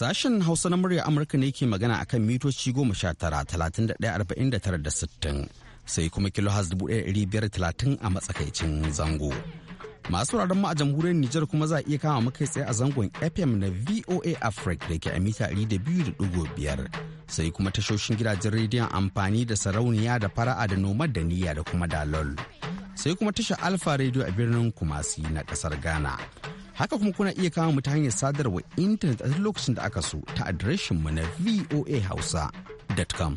Sashen Hausa na murya Amurka ne ke magana a kan mitoci goma sha tara talatin da ɗaya arba'in da tara da sittin sai kuma kilo dubu ɗaya ɗari biyar talatin a matsakaicin zango. Masu wuraren mu a jamhuriyar Nijar kuma za a iya kama makai tsaye a zangon FM na VOA Africa da ke a mita ɗari da biyu da ɗigo biyar. Sai kuma tashoshin gidajen rediyon amfani da sarauniya da fara'a da nomad da niyya da kuma dalol. Sai kuma tashar Alfa Radio a birnin Kumasi na ƙasar Ghana. Haka kuma kuna iya kama mu ta hanyar sadarwa intanet a duk lokacin da aka so ta adireshin mu na voahausa.com.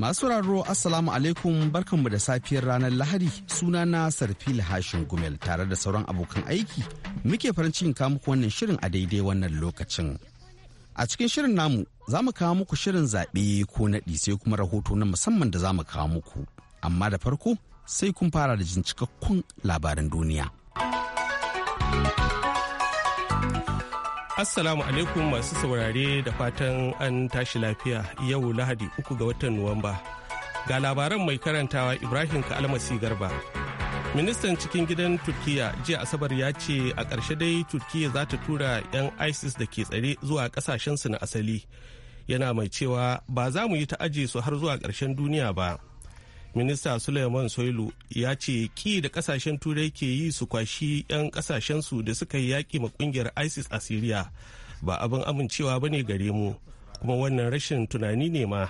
Masu raro Assalamu alaikum barkanmu da safiyar ranar Lahadi suna na Sarfil Hashin Gumel tare da sauran abokan aiki muke farin cikin kawo muku wannan shirin a daidai wannan lokacin. A cikin shirin namu za mu kawo muku shirin zaɓe ko naɗi sai kuma rahoto na musamman da za mu kawo muku. amma da farko sai kun fara da jin cikakkun labaran duniya. Assalamu alaikum masu saurare da fatan an tashi lafiya yau Lahadi uku ga watan Nuwamba. Ga labaran mai karantawa Ibrahim ka'almasi Garba. Ministan cikin gidan Turkiya jiya Asabar ya ce a ƙarshe dai Turkiya za ta tura 'yan ISIS da ke tsare zuwa ƙasashensu na asali. Yana mai cewa ba za mu yi ta aje su har zuwa ƙarshen duniya ba. minista suleiman soilu ya ce ki da kasashen turai ke yi su kwashi 'yan kasashensu da suka yi yaƙi ma ƙungiyar isis a syria ba abin amincewa ba ne gare mu kuma wannan rashin tunani ne ma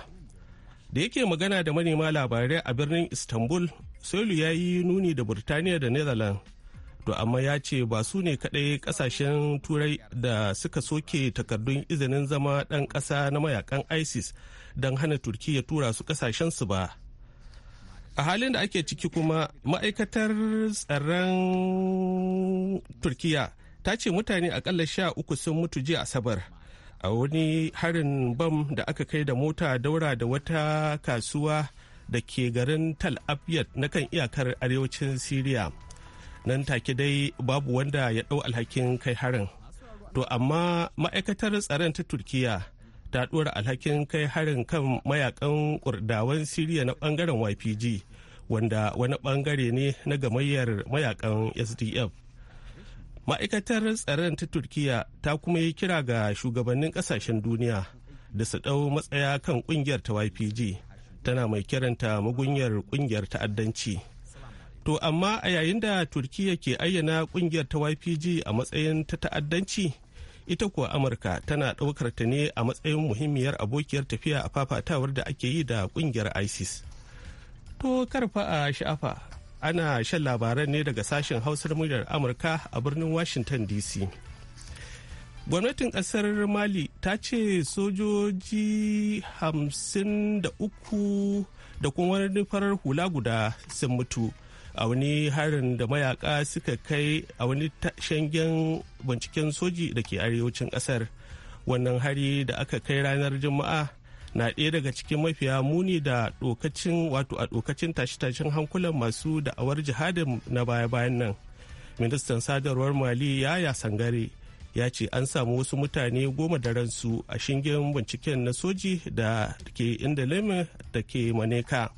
da yake magana da manema labarai a birnin istanbul soilu ya yi nuni da burtaniya da netherlands to amma ya ce ba su ne kaɗai kasashen turai da suka soke takardun izinin zama ɗan ƙasa na mayakan isis don hana turkiya tura su ƙasashensu ba a halin da ake ciki kuma ma'aikatar tsaron turkiya ta ce mutane akalla sha uku sun mutu jiya asabar a wani harin bam da aka kai da mota daura da wata kasuwa da ke garin tal abyad na kan iyakar arewacin syria nan take dai babu wanda ya dau alhakin kai harin to amma ma'aikatar tsaron ta turkiya ta alhakin kai harin kan mayakan kurdawan siriya na ɓangaren ypg wanda wani ɓangare ne na gamayyar mayakan sdf ma'aikatar tsaron ta turkiya ta kuma yi kira ga shugabannin ƙasashen duniya da su ɗau matsaya kan ƙungiyar ta ypg tana mai kiranta mugunyar ƙungiyar ta'addanci to amma a yayin da turkiya ke ayyana ƙungiyar ta ypg a matsayin ta ta'addanci ita kuwa amurka tana ɗaukar ta ne a matsayin muhimmiyar abokiyar tafiya a fafatawar da ake yi da ƙungiyar isis to karfa a sha'afa ana shan labaran ne daga sashen hausar muryar amurka a birnin washington dc gwamnatin kasar mali ta ce sojoji 53 da kuma wani farar hula guda sun mutu a wani harin da mayaka suka kai a wani shangen binciken soji da ke arewacin kasar wannan hari da aka kai ranar juma'a na ɗaya daga cikin mafiya muni da ɗokacin wato a ɗokacin tashe-tashen hankulan masu da'awar jihadin na baya-bayan nan ministan sadarwar mali yaya sangare ya ce an samu wasu mutane goma da ransu a shingen binciken na soji da ke inda da ke maneka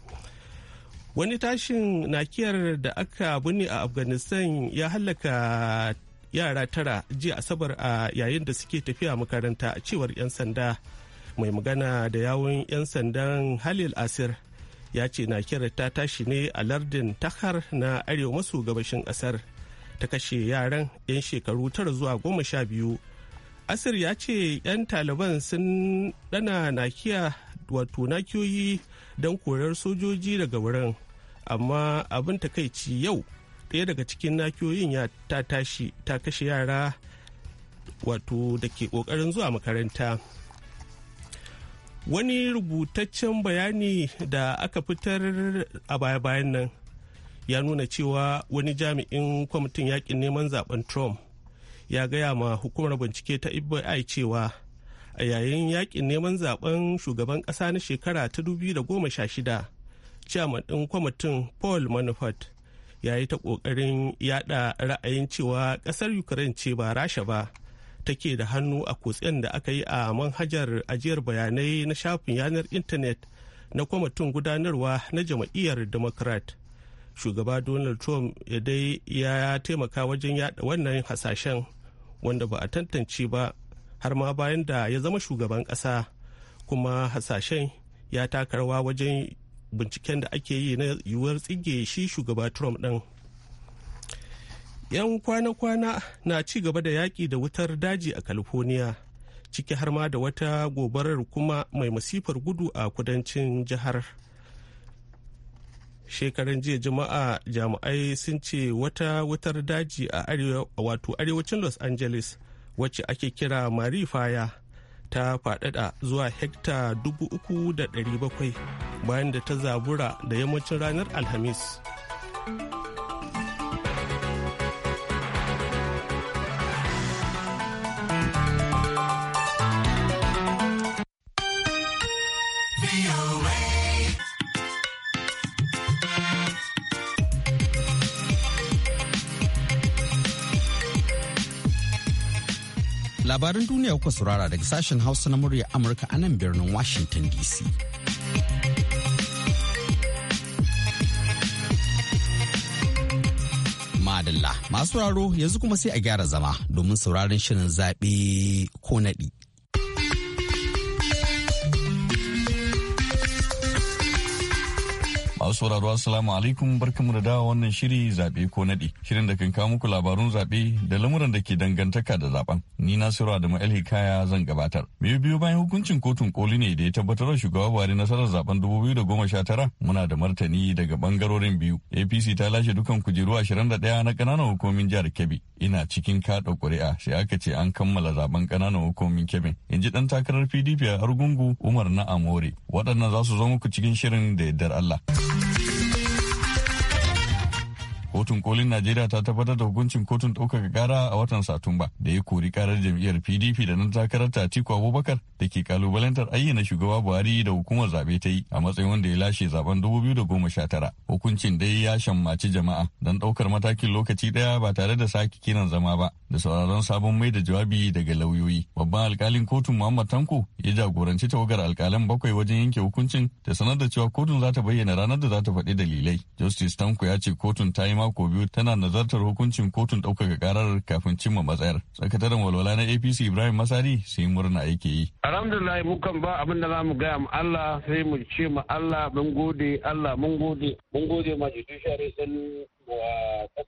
wani tashin nakiyar da aka binne a afghanistan ya hallaka yara tara jiya asabar a yayin da suke tafiya makaranta a cewar 'yan sanda mai magana da yawon 'yan sandan halil asir ya ce nakiyar ta tashi ne a lardin takhar na arewa maso gabashin kasar ta kashe yaran 'yan shekaru tara zuwa goma sha biyu asir ya ce 'yan taliban sun dana nakiya wato nakiyoyi don korar sojoji daga wurin amma abin takaici yau ɗaya daga cikin nakiyoyin ya ta tashi ta kashe yara wato da ke ƙoƙarin zuwa makaranta wani rubutaccen bayani da aka fitar a baya-bayan nan ya nuna cewa wani jami'in kwamitin yakin neman zaben trump ya gaya ma hukumar bincike ta fbi cewa a yayin yakin neman zaben shugaban ƙasa na shekara ta 2016 chairman ɗin kwamitin paul manafort ya yi ta ƙoƙarin yada ra'ayin cewa ƙasar ukraine ce ba rasha ba take da hannu a kutsen da aka yi a manhajar ajiyar bayanai na shafin yanar intanet na kwamitin gudanarwa na jam'iyyar democrat shugaba donald trump ya dai ya taimaka wajen yada wannan hasashen wanda ba a tantance ba har ma bayan da ya zama shugaban ƙasa kuma hasashen ya taka rawa wajen binciken da ake yi na yiwuwar tsige shi shugaba trump ɗin yan kwana-kwana na ci gaba da yaƙi da wutar daji a california ciki har ma da wata gobarar kuma mai masifar gudu a kudancin jihar shekaran jiya jama'a jami'ai sun ce wata wutar daji a wato arewacin los angeles wacce ake kira marifaya ta faɗaɗa zuwa hekta 3,700 bayan da ta zabura da yammacin ranar alhamis labarin duniya kuka saurara daga sashen hausa na murya amurka a nan birnin washington dc Masu raro yanzu kuma sai a gyara zama domin sauraron shirin zaɓe ko naɗi. Masu sauraro Assalamu alaikum barkamu da dawa wannan shiri zaɓe ko naɗi. Shirin da kan kawo muku labarun zaɓe da lamuran da ke dangantaka da zaɓen. Ni na Nasiru Adamu El Hikaya zan gabatar. Biyu biyu bayan hukuncin kotun koli ne da ya tabbatar da shugaba Buhari nasarar zaɓen tara muna da martani daga bangarorin biyu. APC ta lashe dukan kujeru ashirin da ɗaya na kananan hukumin jihar Kebbi. Ina cikin kaɗa ƙuri'a sai aka ce an kammala zaɓen kananan hukumin Kebbi. In ji ɗan takarar PDP a Argungu Umar na Amore. Waɗannan za su zo muku cikin shirin da yardar Allah. kotun kolin najeriya ta tabbatar da hukuncin kotun ɗaukaka kara a watan satumba da ya kori karar jam'iyyar pdp da nan takarar tatiku abubakar da ke kalubalantar ayyana shugaba buhari da hukumar zaɓe ta yi a matsayin wanda ya lashe zaben tara hukuncin dai ya shammaci jama'a don ɗaukar matakin lokaci ɗaya ba tare da sake kiran zama ba da sauraron sabon mai da jawabi daga lauyoyi babban alkalin kotun muhammad tanko ya jagoranci tawagar alkalan bakwai wajen yanke hukuncin da sanar da cewa kotun za ta bayyana ranar da za ta faɗi dalilai justice tanko ya ce kotun ta yi mako biyu tana nazartar hukuncin kotun ɗaukaka karar kafin cimma matsayar. Sakataren walwala na APC Ibrahim Masari sai murna yake yi. Alhamdulillah mu ba abin da zamu gaya mu Allah sai mu ce mu Allah mun gode Allah mun gode mun gode ma judiciary din ta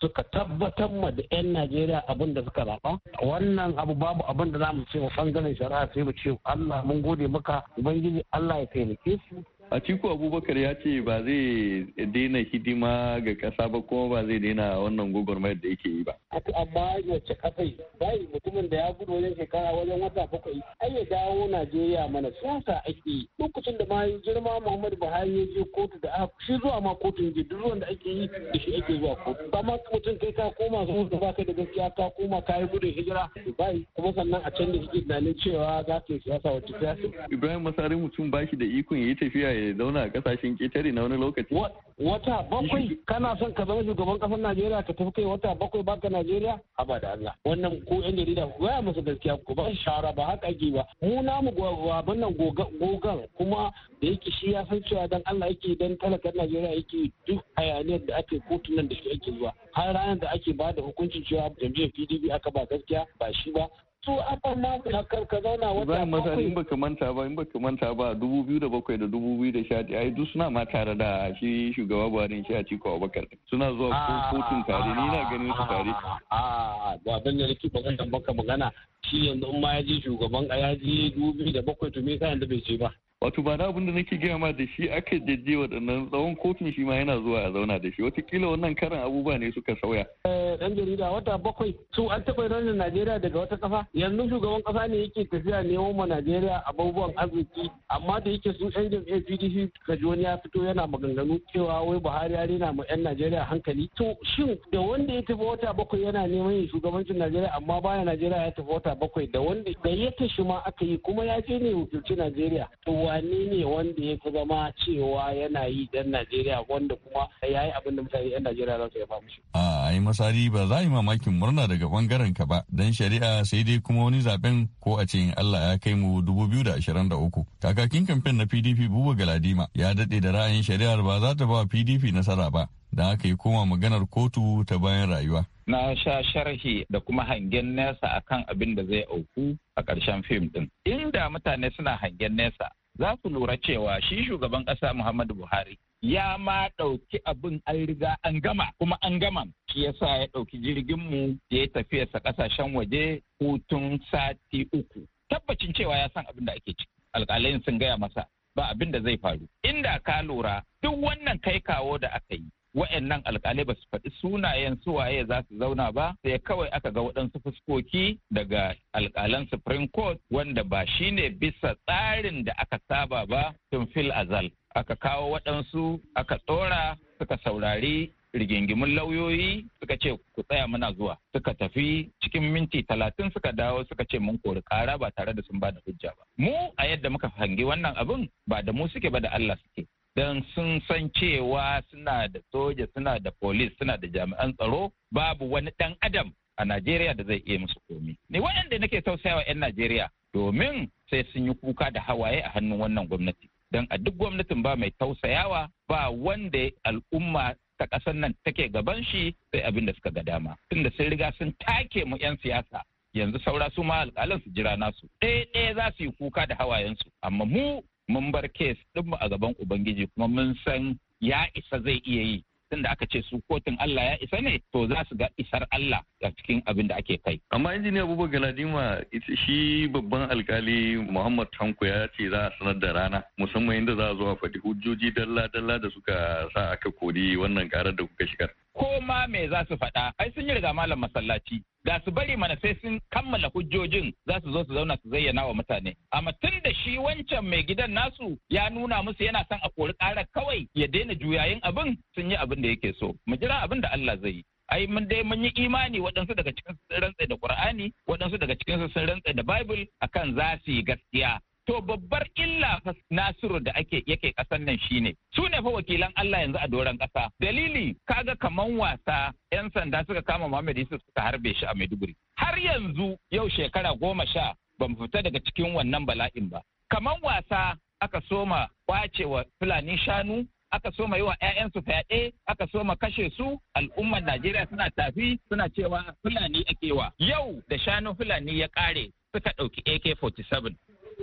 suka tabbatar ma da 'yan Najeriya abin da suka raba Wannan abu babu abin da za mu ce wa bangaren shari'a sai mu ce Allah mun gode maka Ubangiji Allah ya taimake su Atiku Abubakar ya ce ba zai daina hidima ga ƙasa ba kuma ba zai daina wannan gwagwarmayar da yake yi ba. Amma wacce kafai bai mutumin da ya gudu wajen shekara wajen wata bakwai ai ya dawo Najeriya mana siyasa ake yi. Lokacin da ma girma Muhammadu Buhari ya je kotu da aka shi zuwa ma kotun je duk ruwan da ake yi da shi ake zuwa kotu. Ba ma mutum kai ka koma su da kai da gaskiya ka koma ka yi gudun hijira bai kuma sannan a can da shi tunanin cewa za ka yi siyasa wacce siyasa. Ibrahim Masari mutum ba shi da ikon ya yi tafiya ya zauna a kasashen ketare na wani lokaci. Wata bakwai kana son ka zama shugaban kasar Najeriya ka tafi kai wata bakwai baka Najeriya? Haba da Allah. Wannan ko yan jarida ku gaya musu gaskiya ku ba shara ba haka ake ba. Mu namu abin nan gogan kuma da yake shi ya san cewa dan Allah yake dan talakan Najeriya yake duk hayaniyar da ake kotu nan da shi ake zuwa. Har ranar da ake ba da hukuncin cewa jam'iyyar PDP aka ba gaskiya ba shi ba su aka naku na karka zauna wata bayan masa in baka manta ba in baka manta ba dubu biyu da bakwai da dubu biyu da sha ai duk suna ma tare da shi shugaba buhari shi a ciko abubakar suna zuwa ah, kotun tare ni na ganin su tare a ba ban da nake magana baka magana shi yanzu in ma ya je shugaban ya je dubu biyu da bakwai to me ka yanzu bai je ba wato ba na abin da nake gaya ma da shi aka jeje waɗannan tsawon kotun shi ma yana zuwa a zauna da shi watakila wannan karin abubuwa ne suka sauya. Eh, ɗan jarida wata bakwai su an taɓa ranar najeriya daga wata ƙasa yanzu shugaban ƙasa ne yake tafiya neman ma najeriya abubuwan arziki amma da yake su yan jam'iyyar pdp kaji wani ya fito yana maganganu cewa wai buhari ya rena ma yan najeriya hankali to shin da wanda ya tafi wata bakwai yana neman yin shugabancin najeriya amma baya najeriya ya tafi wata bakwai da wanda ya shi ma aka yi kuma ya je ne wakilci najeriya to cewa ne wanda ya fi zama cewa yana yi dan Najeriya wanda kuma ya yi abin da mutane 'yan Najeriya za su yaba mushi. A ai masari ba za a yi mamakin murna daga bangaren ka ba dan shari'a sai dai kuma wani zaben ko a ce Allah ya kai mu da uku. Kakakin kamfen na PDP Buba Galadima ya daɗe da ra'ayin shari'ar ba za ta ba PDP nasara ba. da aka yi koma maganar kotu ta bayan rayuwa. Na sha sharhi da kuma hangen nesa akan abin da zai auku a ƙarshen fim ɗin. Inda mutane suna hangen nesa za ku lura cewa shi shugaban ƙasa Muhammadu Buhari ya ma ɗauki abin an riga an gama kuma an gama shi sa ya ɗauki jirgin mu da ya tafiyarsa ƙasashen waje hutun sati uku tabbacin cewa ya san abin da ake ciki alƙalai sun gaya masa ba abin da zai faru inda ka lura duk wannan kai kawo da aka yi wa'annan alkalai ba su faɗi sunayen su waye za su zauna ba sai kawai aka ga waɗansu fuskoki daga alkalan supreme court wanda ba shi ne bisa tsarin da aka saba ba tun fil azal aka kawo waɗansu aka tsora suka saurari rigingimin lauyoyi suka ce ku tsaya muna zuwa suka tafi cikin minti talatin suka dawo suka ce mun kori kara ba tare da sun da hujja ba mu a yadda muka hangi wannan abin ba da mu suke ba da Allah suke don sun san cewa suna da soja suna da polis suna da jami'an tsaro babu wani ɗan adam a Najeriya da zai iya musu komi. ne waɗanda nake tausayawa 'yan Najeriya domin sai sun yi kuka da hawaye a hannun wannan gwamnati. Don a duk gwamnatin ba mai tausayawa ba wanda al'umma ta ƙasar nan take gaban shi sai abin da suka ga dama. Tunda sun riga sun take mu 'yan siyasa yanzu saura su ma alƙalan su jira nasu. Ɗaya ɗaya za su yi kuka da hawayensu. Amma mu mun bar kes ɗinmu a gaban ubangiji kuma mun san ya isa zai iya yi tunda aka ce su kotun Allah ya isa ne to za su ga isar Allah a cikin abin da ake kai. Amma injiniya Abubakar Galadima shi babban alkali Muhammad Tanko ya ce za a sanar da rana musamman inda za a zo a faɗi hujjoji dalla dalla da suka sa aka kori wannan karar da kuka shigar. ko ma me za su faɗa ai sun yi riga malam masallaci da su bari mana sai sun kammala hujjojin za su zo su zauna su zayyana wa mutane amma tun da shi wancan mai gidan nasu ya nuna musu yana son a kori ƙara kawai ya daina juyayin abin sun yi abin da yake so mu jira abin da Allah zai yi ai mun dai mun yi imani waɗansu daga cikin sun rantsa da Qur'ani waɗansu daga cikin sun rantsa da Bible akan za su yi gaskiya To babbar illa Nasiru da ake yake kasan nan shine su ne fa wakilan Allah yanzu a doron kasa. Dalili kaga kaman wasa 'yan sanda suka kama Muhammad Yusuf suka harbe shi a Maiduguri. Har yanzu yau shekara goma sha ban fita daga cikin wannan bala'in ba. Kaman wasa aka soma kwacewa Fulani shanu aka soma yi wa 'ya'yansu fyaɗe aka soma kashe su al'ummar najeriya suna tafi suna cewa fulani akewa. yau da shanu fulani ya kare suka ɗauki ak-47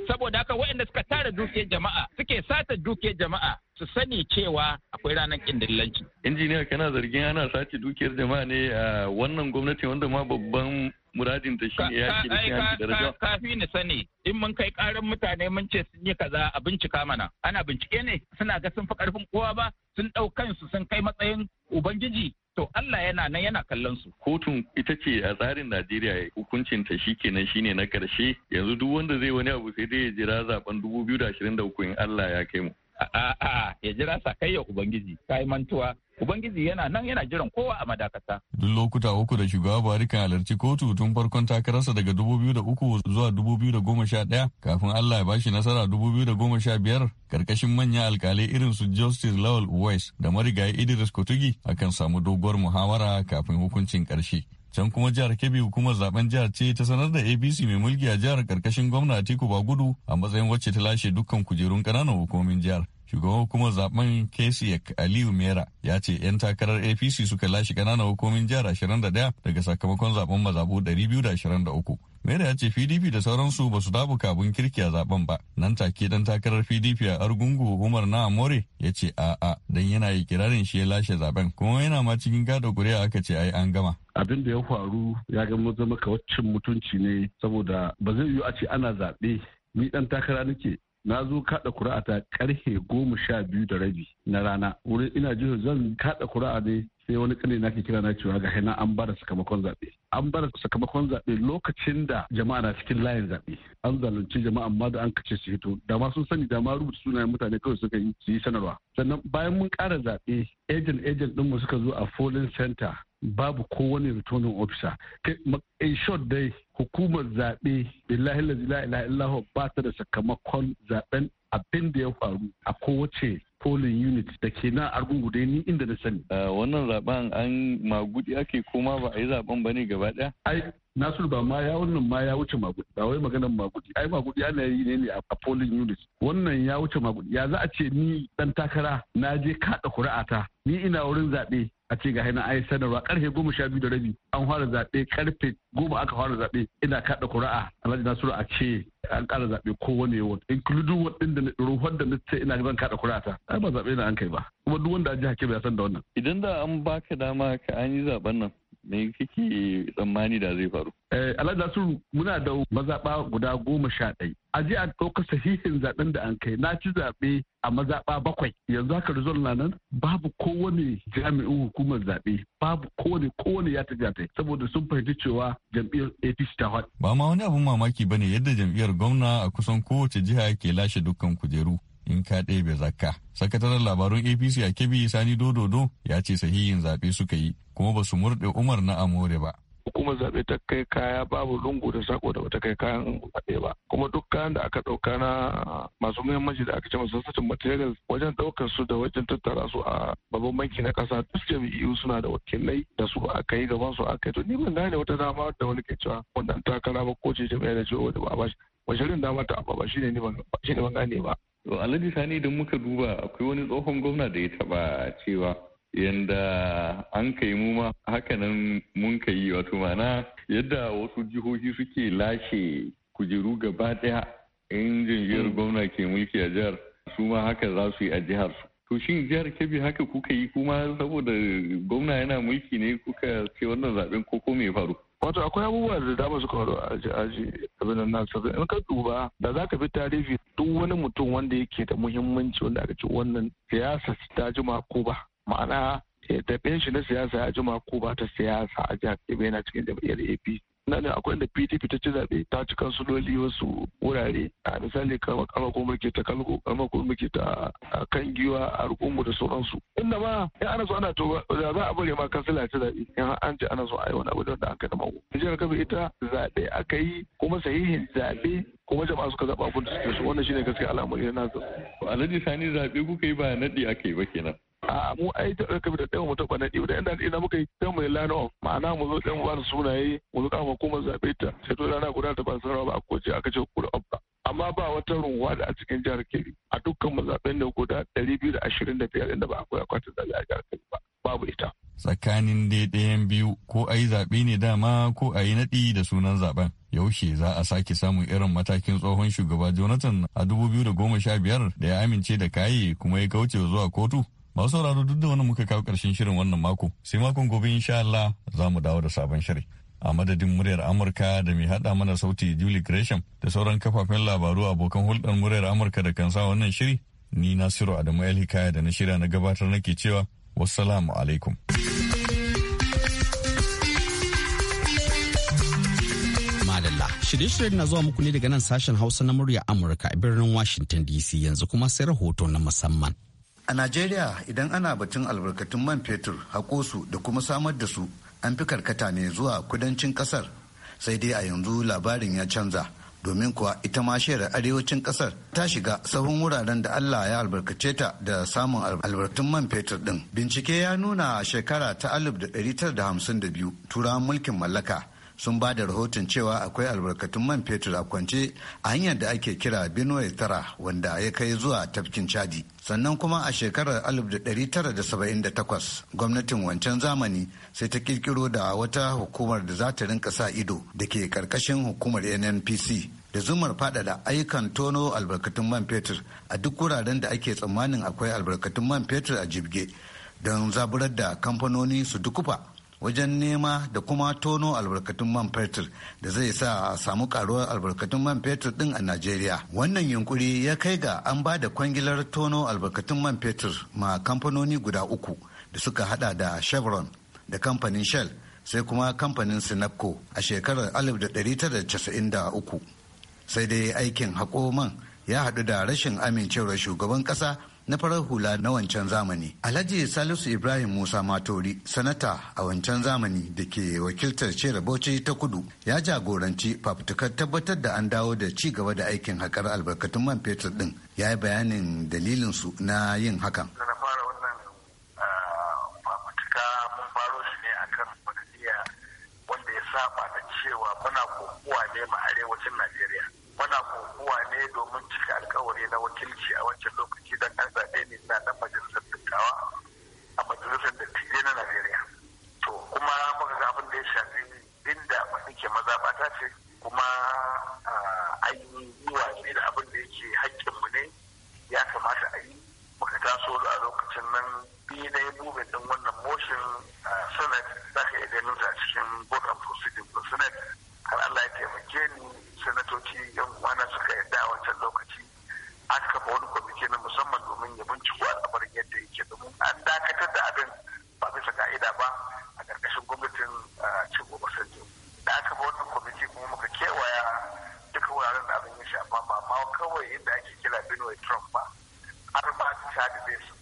saboda haka waɗanda suka tara dukiyar jama'a suke sata dukiyar jama'a su sani cewa akwai ranar kindillanci dillanci. injiniya kana zargin ana sace dukiyar jama'a ne a wannan gwamnati wanda ma babban muradin ta shi ne yaki da Ka kafi ni sani in mun kai karin mutane mun ce sun yi kaza a bincika mana ana bincike ne suna ga sun fi karfin kowa ba sun ɗaukan kansu sun kai matsayin ubangiji to Allah yana nan yana kallon su. Kotun ita ce a tsarin Najeriya hukuncin ta shi shikenan ne na karshe yanzu duk wanda zai wani abu sai dai ya jira zaben 2023 in Allah ya kai mu. A'a ya jira ya Ubangiji, kai mantuwa. Ubangiji yana nan yana jiran kowa a madakata. Duk lokuta uku da shugaba Buhari kan halarci kotu tun farkon takararsa daga 2003 zuwa sha ɗaya kafin Allah ya bashi nasara biyar karkashin manyan alkalai irin su Justice Lawal Uwais da marigayi Idris Kotugi akan samu doguwar muhawara kafin hukuncin karshe. Can kuma jihar Kebbi hukumar zaben jihar ce ta sanar da APC mai mulki a jihar karkashin gwamna Atiku gudu a matsayin wacce ta lashe dukkan kujerun ƙananan hukumomin jihar. shugaban hukumar zaben KCEC Aliyu Mera ya ce 'yan takarar APC suka lashe kananan hukumin jihar 21 daga sakamakon zaben mazabu 223. Mera ya ce PDP da sauransu basu su dabu kabin kirki a zaben ba. Nan take dan takarar PDP a Argungu Umar na Amore ya ce a'a dan yana yi kirarin shi ya lashe zaben kuma yana ma cikin gada kuri'a aka ce ai an gama. abin da ya faru ya ga zama kawaccin mutunci ne saboda ba zai yiwu a ce ana zaɓe ni dan takara nake na zo kada ta karfe goma sha biyu da rabi na rana wurin ina jihar zan kada kura'a ne sai wani kane na ke kira na cewa ga hana an bada sakamakon zaɓe an bada sakamakon zaɓe lokacin da jama'a na cikin layin zaɓe an zalunci jama'a amma da an kace su hito da ma sun sani da ma rubuta sunayen mutane kawai suka yi su yi sanarwa sannan bayan mun kara zaɓe ejen ejen ɗinmu suka zo a polling center babu kowane returning officer in short dai hukumar zaɓe billahi la ilaha ba ta da sakamakon zaben abin da ya faru a kowace polling unit da ke na argun dai ni inda na sani. Eh, wannan zaben an magudi ake koma ba a yi zaben ba ne gaba daya? ai nasu ba ma ya wannan ma ya wuce magudi ba wai maganar magudi ai magudi ana yi ne ne a polling unit wannan ya wuce magudi ya za a ce ni dan takara na je kada kuri'ata ni ina wurin zaɓe a ce ga hainan ayi sanarwa karfe goma sha biyu da rabi an fara zaɓe karfe goma aka fara zaɓe ina kaɗa kuri'a alhaji nasiru a ce an ƙara zaɓe kowane yawan including waɗanda ruhun da na ce ina zan kaɗa kuri'a ta ai ba zaɓe na an kai ba kuma duk wanda a ji hakim ya san da wannan. idan da an baka dama ka an yi zaɓen nan ne kake tsammani da zai faru? Eh, Alhaji Nasiru muna da mazaɓa guda goma sha ɗai. A ji an ɗauka sahihin zaɓen da an kai na ci zaɓe a mazaɓa bakwai yanzu haka rizol na nan babu kowane jami'in hukumar zaɓe babu kowane kowane ya tafi ta saboda sun fahimci cewa jam'iyyar APC ta faɗi. Ba ma wani abin mamaki ba ne yadda jam'iyyar gwamna a kusan kowace jiha ke lashe dukkan kujeru in ka ɗebe zakka. Sakataren labarun APC a Kebbi Sani Dododo ya ce sahihin zaɓe suka yi kuma ba su murɗe Umar na Amore ba. hukumar zaɓe ta kai kaya babu lungu da sako da bata kai kayan zaɓe ba kuma duk kayan da aka ɗauka na masu muhimmanci da aka ce masu sassacin materials wajen ɗaukar su da wajen tattara su a babban banki na ƙasa duk jami'u suna da wakilai da su aka yi gaban su aka yi to ni ban gane wata dama da wani ke cewa wannan takara ba ko ce jami'a da ce wani ba a ba shi dama ta ba ba shi ne ban gane ba To Alhaji Sani idan muka duba akwai wani tsohon gwamna da ya taba cewa yadda an kai mu ma hakanan mun kai wato mana yadda wasu jihohi suke lashe kujeru gaba daya in jam'iyyar mm. gwamna ke mulki a jihar su ma haka za su yi a jihar su. To shin jihar Kebbi haka kuka yi kuma saboda gwamna yana mulki ne kuka ce wannan zaben ko ko ya faru? wato akwai abubuwa da dama suka faru a aji abin nan sabbin in ka duba da za ka bi tarihi duk wani mutum wanda yake da muhimmanci wanda aka ce wannan siyasa ta jima ko ba ma'ana da shi na siyasa ya jima ko ba ta siyasa a jihar Kebbi yana cikin jam'iyyar APC nan akwai inda PDP ta ci zaɓe ta ci kansu loli wasu wurare a misali kama kama ko muke ta kalgo kama ko muke ta kan giwa a rukunmu da sauransu inda ma in ana so ana to da za a bari ma kansila ta zaɓe in an ci ana so a yi wani abu da an kai da mako jihar kabe ita zaɓe aka yi kuma sahihin zaɓe kuma jama'a suka zaɓa abin da suke so wannan shine gaskiya al'amari na alhaji sani zaɓe kuka yi ba naɗi aka yi ba kenan a mu ai ta ɗauka da ɗaya mutum ɓana ɗiwa da inda ina muka yi ta mai lano ma'ana mu zo ɗan wani sunaye mu zo kama kuma zaɓe ta sai to rana guda ta ban sanarwa ba a koje aka ce kura ba amma ba wata ruwa da a cikin jihar Kebbi a dukkan mazaɓen da guda 225 inda ba akwai akwatin zaɓe a jihar Kebbi ba babu ita. Tsakanin ɗayan biyu ko a yi zaɓe ne dama ko a yi naɗi da sunan zaɓen. Yaushe za a sake samun irin matakin tsohon shugaba Jonathan a 2015 da ya amince da kaye kuma ya kauce zuwa kotu Masu sauraro duk da wani muka kawo ƙarshen shirin wannan mako, sai makon gobe insha Allah za mu dawo da sabon shirin. A madadin muryar Amurka da mai haɗa mana sauti Julie Gresham da sauran kafafen labaru abokan hulɗar muryar Amurka da kan sa wannan shiri, ni Nasiru Adamu El Hikaya da na shirya na gabatar nake cewa, wassalamu alaikum. Madalla, shirye-shiryen na zuwa muku ne daga nan sashen Hausa na murya Amurka a birnin Washington DC yanzu kuma sai rahoto na musamman. A Najeriya idan ana batun albarkatun man fetur haƙosu da kuma samar da su an fi karkata ne zuwa kudancin ƙasar sai dai a yanzu labarin ya canza domin kuwa ita ma shera arewacin ƙasar ta shiga sahun wuraren da Allah ya albarkace ta da samun albarkatun man fetur din. Bincike ya nuna shekara ta 1952 turawan mulkin mallaka sun ba da rahoton cewa akwai albarkatun man fetur a kwance a hanyar da ake kira benue tara wanda ya kai zuwa tafkin chadi sannan kuma a shekarar 1978 gwamnatin wancan zamani sai ta kirkiro da wata hukumar da za ta rinka sa ido da ke karkashin hukumar nnpc da zumar faɗaɗa ayyukan tono albarkatun man fetur a duk wuraren da ake tsammanin akwai albarkatun man fetur a jibge don zaburar da kamfanoni su dukufa wajen nema da kuma tono albarkatun man fetur da zai sa a samu karuwar albarkatun man fetur din a najeriya wannan yunkuri ya kai ga an ba da kwangilar tono albarkatun man fetur ma kamfanoni guda uku da suka hada da chevron da kamfanin shell sai kuma kamfanin sinapco a shekarar 1993 sai dai aikin haƙo man ya haɗu da rashin amincewar shugaban ƙasa na farar hula na wancan zamani. Alhaji Salisu Ibrahim Musa Matori, sanata a wancan zamani da ke wakiltar ciyar Bauchi ta Kudu, ya jagoranci fafutukar tabbatar da an dawo da ci gaba da aikin haƙar albarkatun man fetur ɗin. Ya yi bayanin dalilinsu na yin hakan. cewa muna kokuwa ne ma arewacin Najeriya. muna kokowa ne domin cika alkawari na wakilci a wancan lokaci don an zaɓe ni na dan majalisa kawai inda ake kira Benue Trump ba har ma ta da su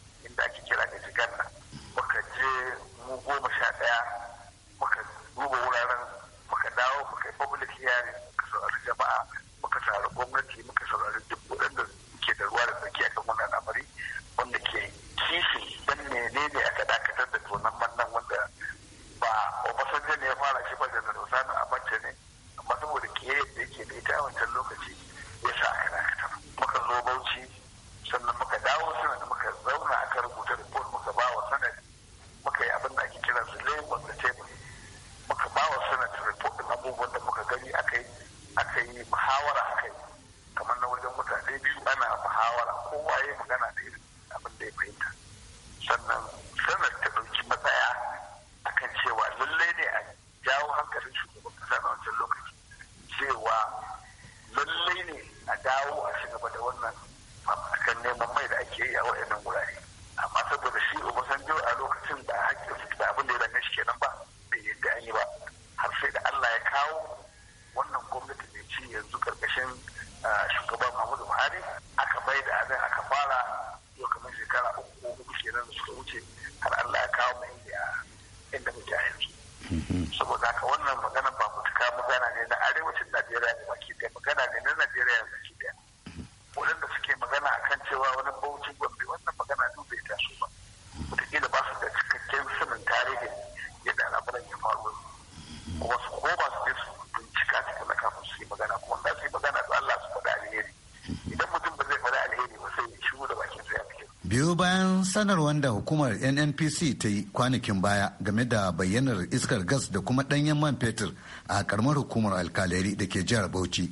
Biyo bayan sanarwar da hukumar nnpc ta yi kwanakin baya game da bayyanar iskar gas da kuma ɗanyen man fetur a karamar hukumar alkaleri da ke jihar bauchi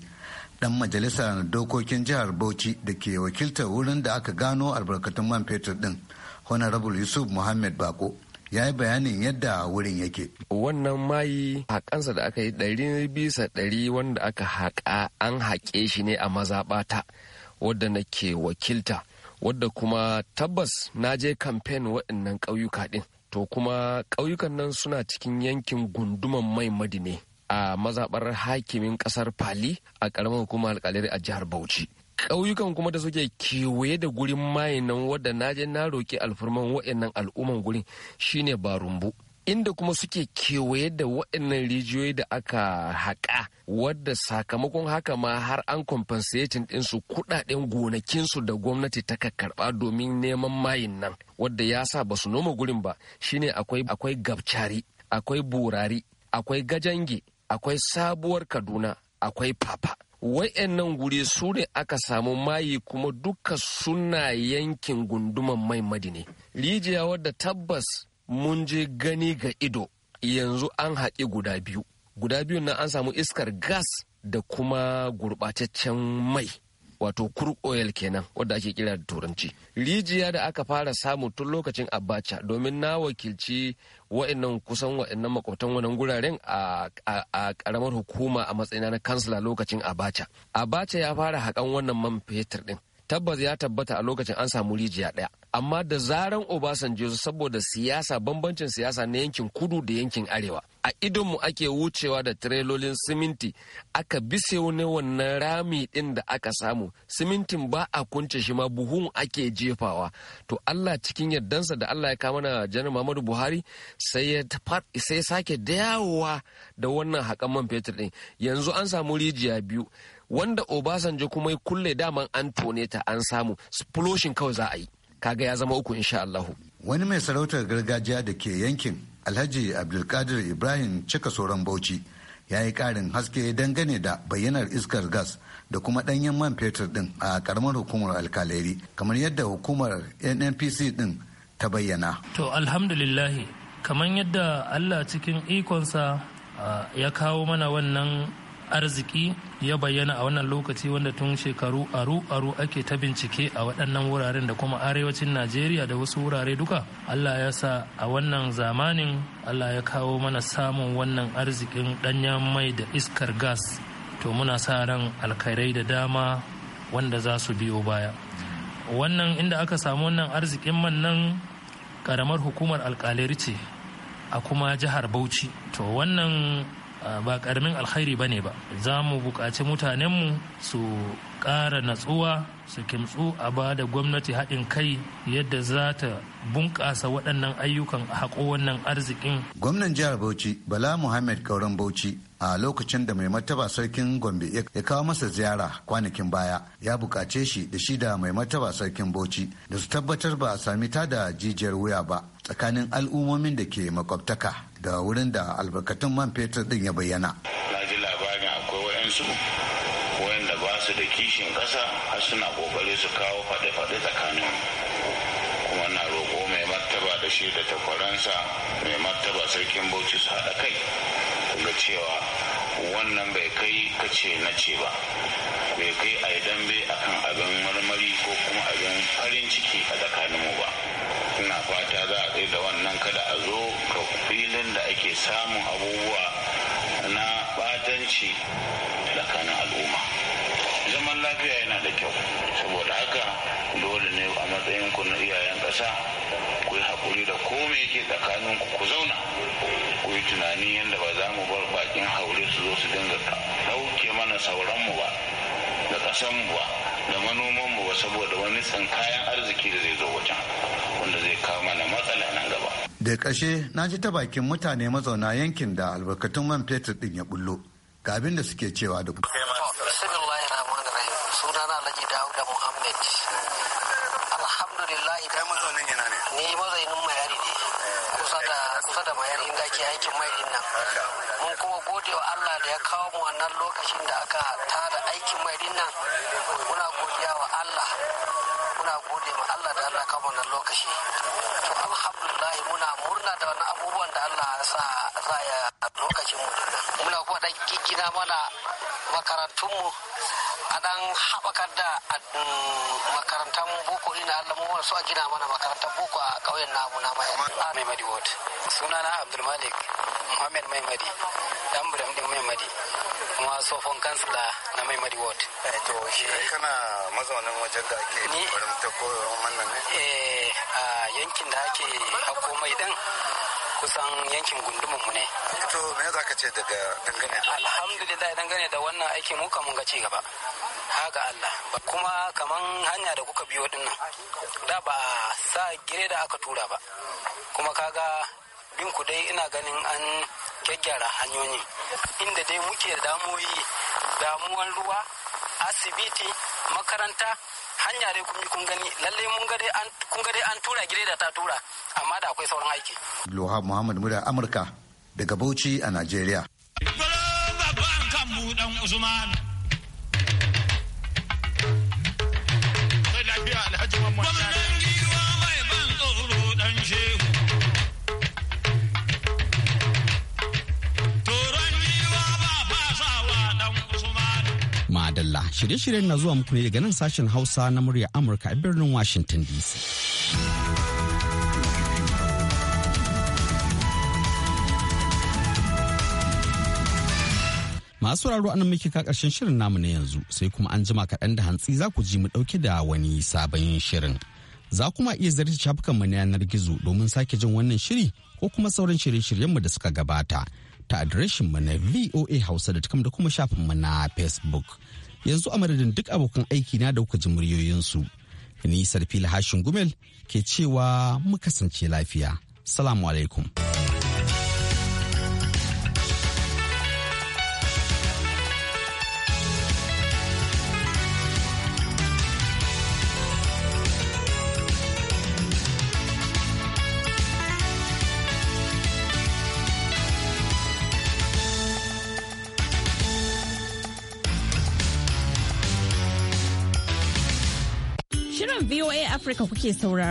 dan majalisar dokokin jihar bauchi da ke wakiltar wurin da aka gano albarkatun man fetur din honorable yusuf muhammad bako ya yi bayanin yadda wurin yake. Wannan mayi haƙansa da aka yi ɗari bisa ɗari wanda aka haƙa an haƙe shi ne a mazaɓata wadda nake wakilta. wadda kuma tabbas na je kamfen waɗannan ƙauyuka ɗin to kuma ƙauyukan nan suna cikin yankin gunduman mai madine a mazaɓar hakimin ƙasar pali a ƙaramin hukumar alƙalari a jihar bauchi ƙauyukan kuma da suke kewaye da gurin mayin nan wadda na je na roƙi alfurman waɗannan al'umman gurin shine barumbu inda kuma suke kewaye da waɗannan rijiyoyi da aka haƙa wadda sakamakon haka ma har an compensation ɗinsu kuɗaɗen gonakinsu da gwamnati ta karɓa domin neman mayin nan wadda ya sa ba su noma gurin ba shine akwai akwai gabcari akwai burari akwai gajange akwai sabuwar kaduna akwai papa wa'annan guri su ne aka samu mayi kuma duka suna yankin gunduman mai madine rijiya wadda tabbas mun je gani ga ido yanzu an haƙi guda biyu guda biyu nan an samu iskar gas da kuma gurɓataccen mai wato crude oil kenan wadda ake kira da turanci rijiya da aka fara samu tun lokacin abacha domin na wakilci wa'annan kusan wa'annan makwatan wannan guraren a karamar hukuma a matsayina na kansila lokacin abacha abacha ya fara haƙan wannan man fetur ɗin. tabbas ya tabbata a lokacin an samu rijiya ɗaya amma da zaran obasanjo saboda siyasa bambancin siyasa na yankin kudu da yankin arewa a idonmu ake wucewa da tirelolin siminti aka bise wani wannan rami ɗin da aka samu simintin ba a kunce shi ma buhun ake jefawa to allah cikin yardansa da allah ya kama na janar muhammadu buhari sai ya sake dawowa da wannan hakan man fetur ɗin yanzu an samu rijiya biyu wanda obasanjo kuma ya kulle daman an tone ta an samu sploshin kawai za a yi kaga ya zama uku insha allahu wani mai sarautar gargajiya da ke yankin alhaji abdulkadir ibrahim cika sauran bauchi ya yi karin haske dangane da bayyanar iskar gas da kuma ɗanyen man fetur ɗin a karamar hukumar alkalari kamar yadda hukumar nnpc ɗin ta bayyana. to alhamdulillahi kamar yadda allah cikin ikonsa ah, ya kawo mana wannan arziki ya bayyana a wannan lokaci wanda tun shekaru aru-aru ake ta bincike a waɗannan wuraren da kuma arewacin najeriya da wasu wurare duka allah ya sa a wannan zamanin allah ya kawo mana samun wannan arzikin ɗanyen mai da iskar gas to muna sa ran alkhairai da dama wanda za su biyo baya wannan inda aka samu wannan arzikin man nan ƙaramar hukumar alƙaleri a kuma jihar bauchi to wannan ba karamin alkhairi ba ne ba za mu buƙaci mutanenmu su ƙara natsuwa su kimtsu a ba da gwamnati haɗin kai yadda za ta bunƙasa waɗannan ayyukan a haƙo wannan arzikin. Gwamnan jihar Bauchi Bala Muhammad Kauran Bauchi a lokacin da mai martaba sarkin Gombe ya kawo masa ziyara kwanakin baya ya buƙace shi da shi da mai mataba sarkin Bauchi da su tabbatar ba a sami tada jijiyar wuya ba tsakanin al'ummomin da ke makwabtaka. da wurin da albarkatun man fetur din ya bayyana. Na ji labarin akwai wayansu wayanda ba su da kishin ƙasa har suna ƙoƙari su kawo faɗe-faɗe tsakanin kuma na roƙo mai martaba da shi da takwaransa mai martaba sarkin bauchi su haɗa kai ga cewa wannan bai kai kace na ce ba bai kai a yi dambe akan abin marmari ko kuma abin farin ciki a tsakaninmu ba ina fata za a da wannan kada a zo ga filin da ake samun abubuwa na batanci tsakanin al'umma zaman lafiya yana da kyau saboda haka dole ne a matsayin na iyayen ƙasa ku yi haƙuri da komai yake tsakanin ku zauna ku yi tunani yadda ba za mu bar bakin haure su zo su dinga ɗauke mana sauranmu ba da ƙasanmu ba da manomanmu ba saboda wani san kayan arziki da zai zo wajen wanda zai kawo mana matsala nan gaba. Da ƙashe na ji ta bakin mutane mazauna yankin da albarkatun man fetur ɗin ya bullo ga abin da suke cewa da kuma. sunana alhaji Dauda muhammad alhamdulillah idan mazaunin ina ne ni mazaunin mayari ne kusa da kusa da mayari inda ke aikin mai nan mun kuma gode wa Allah da ya kawo mu wannan lokacin da aka tara aikin mai nan muna godiya wa Allah muna gode wa Allah da Allah kawo wannan lokaci to alhamdulillah muna murna da wannan abubuwan da Allah ya sa za ya lokacin mu muna kuma da giggina mana makarantunmu a dan haɓakar da mm, makarantar boko ina Allah mu su a gina mana makarantar boko a ƙauyen namu na mai ah, Maimadi Ward suna na Abdul Malik Muhammad Maimadi dan buram din Maimadi kuma sofon kansila na Maimadi Ward eh, to shi kana mazaunin wajen da ake barin ta koyon wannan ne eh a yankin da ake hako mai din kusan yankin gunduman mu ne to me za ka ce daga dangane alhamdulillah dangane da wannan aiki mu mun ga ci gaba haka Allah kuma kaman hanya da kuka biyo dinnan da ba sa gire da aka tura ba kuma kaga bin ku dai ina ganin an gyaggyara hanyoyi inda dai muke damuwoyi damuwan ruwa asibiti makaranta hanya dai kun kun gani lalle mun ga dai an kun ga dai an tura da ta tura amma da akwai sauran aiki Loha Muhammad Mura Amurka daga Bauchi a Najeriya Usman Alhaji Muhammad Shirye-shiryen na zuwa muku ne daga nan sashen Hausa na murya Amurka a birnin Washington DC. Masu raro anan muke ka karshen shirin namu na yanzu sai kuma an jima kaɗan da hantsi za ku ji mu ɗauke da wani sabon shirin. Za kuma iya zarta mu na yanar gizo domin sake jin wannan shiri ko kuma sauran shirye mu da suka gabata ta adireshinmu na Hausa da kuma shafinmu na Facebook. yanzu a madadin duk abokan aiki na da kuka ji muryoyinsu ni sarfi hashin gumel ke cewa muka sance lafiya salamu alaikum Afirka kuke sauraro.